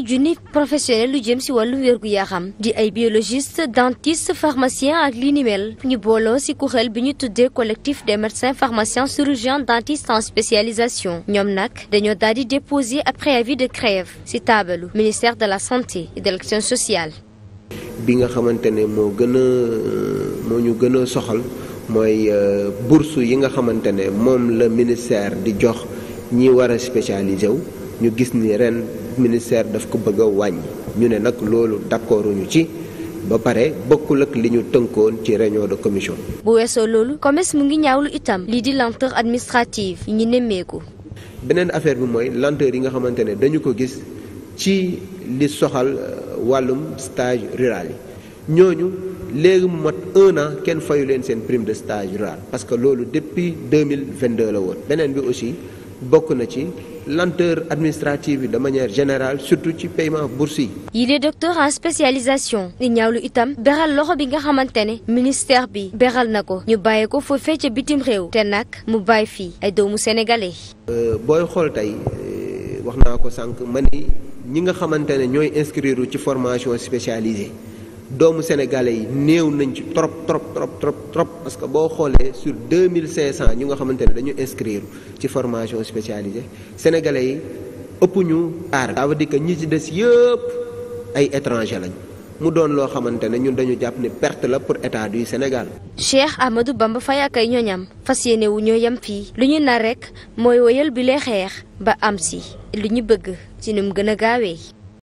ñetti junni professionnel lu jëm si wàllu wérgu yaram di ay biologiste dentiste pharmacien ak li ni mel ñu booloo si kuréel bi ñu tuddee collectif des médecins pharmaciens chirurgiens dentistes en spécialisation ñoom nag dañoo daal di déposer ab préavis de grève si taabalu ministère de la santé et de l'action sociale. bi nga xamante ne moo gën a moo ñu gën soxal mooy euh, bourse yi nga xamante ne moom la ministère di jox ñi war a spécialisé wu. ñu gis ni ren ministère daf ko bëgg a wàññi ñu ne nag loolu d'accorduñu ci ba pare bokkul ak li ñu tënkoon ci réunion de commission. bu weesoo loolu commerce mu ngi ñaaw ñaawlu itam. lii di lenteur administrative yi ñu nemmeeku. beneen affaire bi mooy lenteur yi nga xamante ne dañu ko gis ci li soxal euh, wàllum stage rural yi ñooñu léegi mu mat un an kenn fayu leen seen prime de stage rural parce que loolu depuis deux mille vingt deux la woon beneen bi aussi. bokk na ci lanteur administrative yi de manière générale surtout ci paiement bourse yi. yi de docteur en spécialisation. di ñaawlu itam beral loxo bi nga xamante ne. ministère bi beral na ko. ñu bàyyi ko foofee ca bitim réew. te nag mu bàyyi fii ay doomu sénégalais. Euh, booy xool tey euh, wax naa ko sànq ma ni ñi nga xamante ne ñooy inscrire ci formation spécialisée. doomu sénégalais yi néew nañ ci trop trop trop trop trop que boo xoolee sur deux mille cinq cent ñu nga xamante ne dañu inscrire ci formation spécialisée sénégalais yi ëpp ñu aar ça veut ñi ci des yëpp ay étranger lañ mu doon loo xamante ne ñun dañu jàpp ne perte la pour état du Sénégal. Cheikh Ahmadou Bamba Faye ak ay ñooñam fas yéene wu ñoo yem fii li ñu nar rek mooy woyal bi lee xeex ba am si li ñu bëgg ci nu mu gën a gaawee.